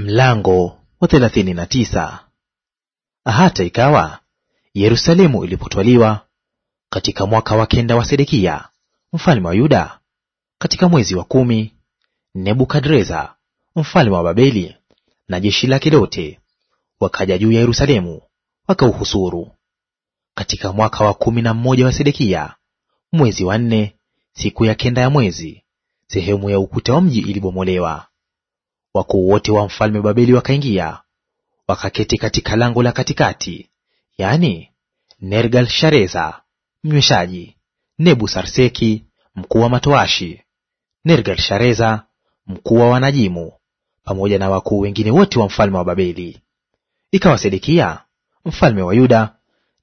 Mlango wa thelathini na tisa. Hata ikawa Yerusalemu ilipotwaliwa katika mwaka wa kenda wa Sedekia mfalme wa Yuda, katika mwezi wa kumi, Nebukadreza mfalme wa Babeli na jeshi lake lote wakaja juu ya Yerusalemu wakauhusuru. Katika mwaka wa kumi na mmoja wa Sedekia, mwezi wa nne, siku ya kenda ya mwezi, sehemu ya ukuta wa mji ilibomolewa wakuu wote wa mfalme Babeli wakaingia wakaketi katika lango la katikati, yaani Nergal Shareza mnyweshaji, Nebu Sarseki mkuu wa matoashi, Nergal Shareza mkuu wa wanajimu, pamoja na wakuu wengine wote wa mfalme wa Babeli. Ikawa Sedekia mfalme wa Yuda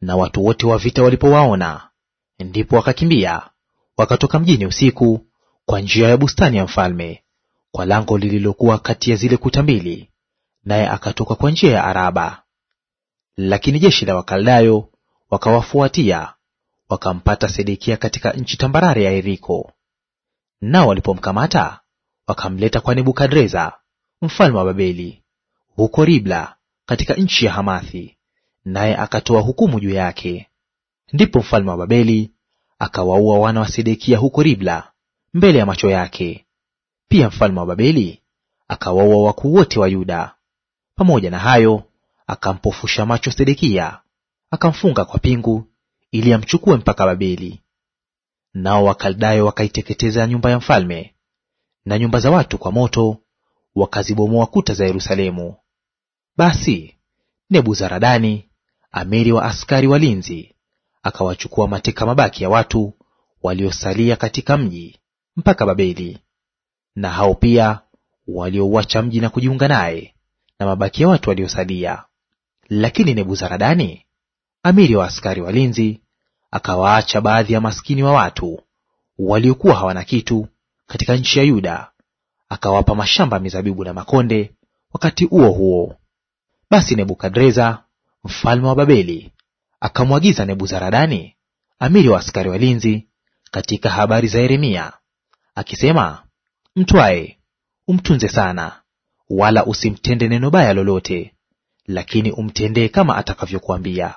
na watu wote wa vita walipowaona, ndipo wakakimbia wakatoka mjini usiku kwa njia ya bustani ya mfalme kwa lango lililokuwa kati ya zile kuta mbili, naye akatoka kwa njia ya Araba. Lakini jeshi la Wakaldayo wakawafuatia, wakampata Sedekia katika nchi tambarare ya Yeriko. Nao walipomkamata wakamleta kwa Nebukadreza mfalme wa Babeli huko Ribla katika nchi ya Hamathi, naye akatoa hukumu juu yake. Ndipo mfalme wa Babeli akawaua wana wa Sedekia huko Ribla mbele ya macho yake, pia mfalme wa Babeli akawaua wakuu wote wa Yuda. Pamoja na hayo, akampofusha macho Sedekia, akamfunga kwa pingu ili amchukue mpaka Babeli. Nao Wakaldayo wakaiteketeza nyumba ya mfalme na nyumba za watu kwa moto, wakazibomoa kuta za Yerusalemu. Basi Nebuzaradani amiri wa askari walinzi akawachukua mateka mabaki ya watu waliosalia katika mji mpaka Babeli na hao pia waliouacha mji na kujiunga naye na mabaki ya watu waliosalia. Lakini Nebuzaradani amiri wa askari walinzi akawaacha baadhi ya maskini wa watu waliokuwa hawana kitu katika nchi ya Yuda, akawapa mashamba mizabibu na makonde. Wakati huo huo, basi Nebukadreza mfalme wa Babeli akamwagiza Nebuzaradani amiri wa askari walinzi katika habari za Yeremia akisema, Mtwae umtunze sana, wala usimtende neno baya lolote, lakini umtendee kama atakavyokuambia.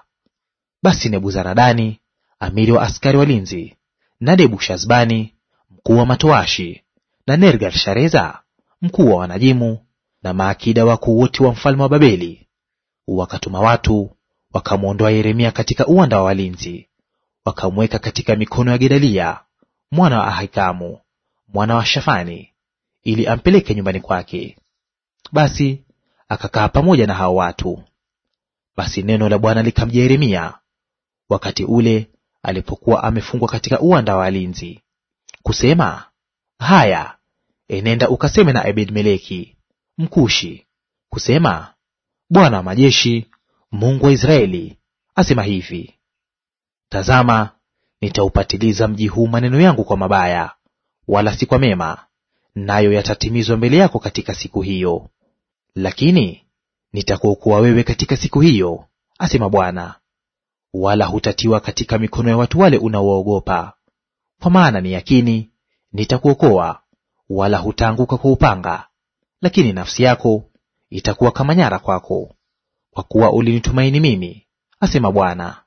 Basi Nebuzaradani amiri wa askari walinzi, na Nebushazbani mkuu wa matoashi, na Nergal-Shareza mkuu wa wanajimu, na maakida wakuu wote wa mfalme wa Babeli wakatuma watu wakamwondoa Yeremia katika uwanda wa walinzi, wakamweka katika mikono ya Gedalia mwana wa Ahikamu mwana wa Shafani ili ampeleke nyumbani kwake. Basi akakaa pamoja na hao watu. Basi neno la Bwana likamjia Yeremia wakati ule alipokuwa amefungwa katika uwanda wa walinzi, kusema, Haya, enenda ukaseme na Ebed-Meleki Mkushi, kusema, Bwana wa majeshi, Mungu wa Israeli, asema hivi, Tazama, nitaupatiliza mji huu maneno yangu kwa mabaya, wala si kwa mema, nayo yatatimizwa mbele yako katika siku hiyo. Lakini nitakuokoa wewe katika siku hiyo, asema Bwana, wala hutatiwa katika mikono ya watu wale unaowaogopa Kwa maana ni yakini nitakuokoa, wala hutaanguka kwa upanga, lakini nafsi yako itakuwa kama nyara kwako, kwa kuwa ulinitumaini mimi, asema Bwana.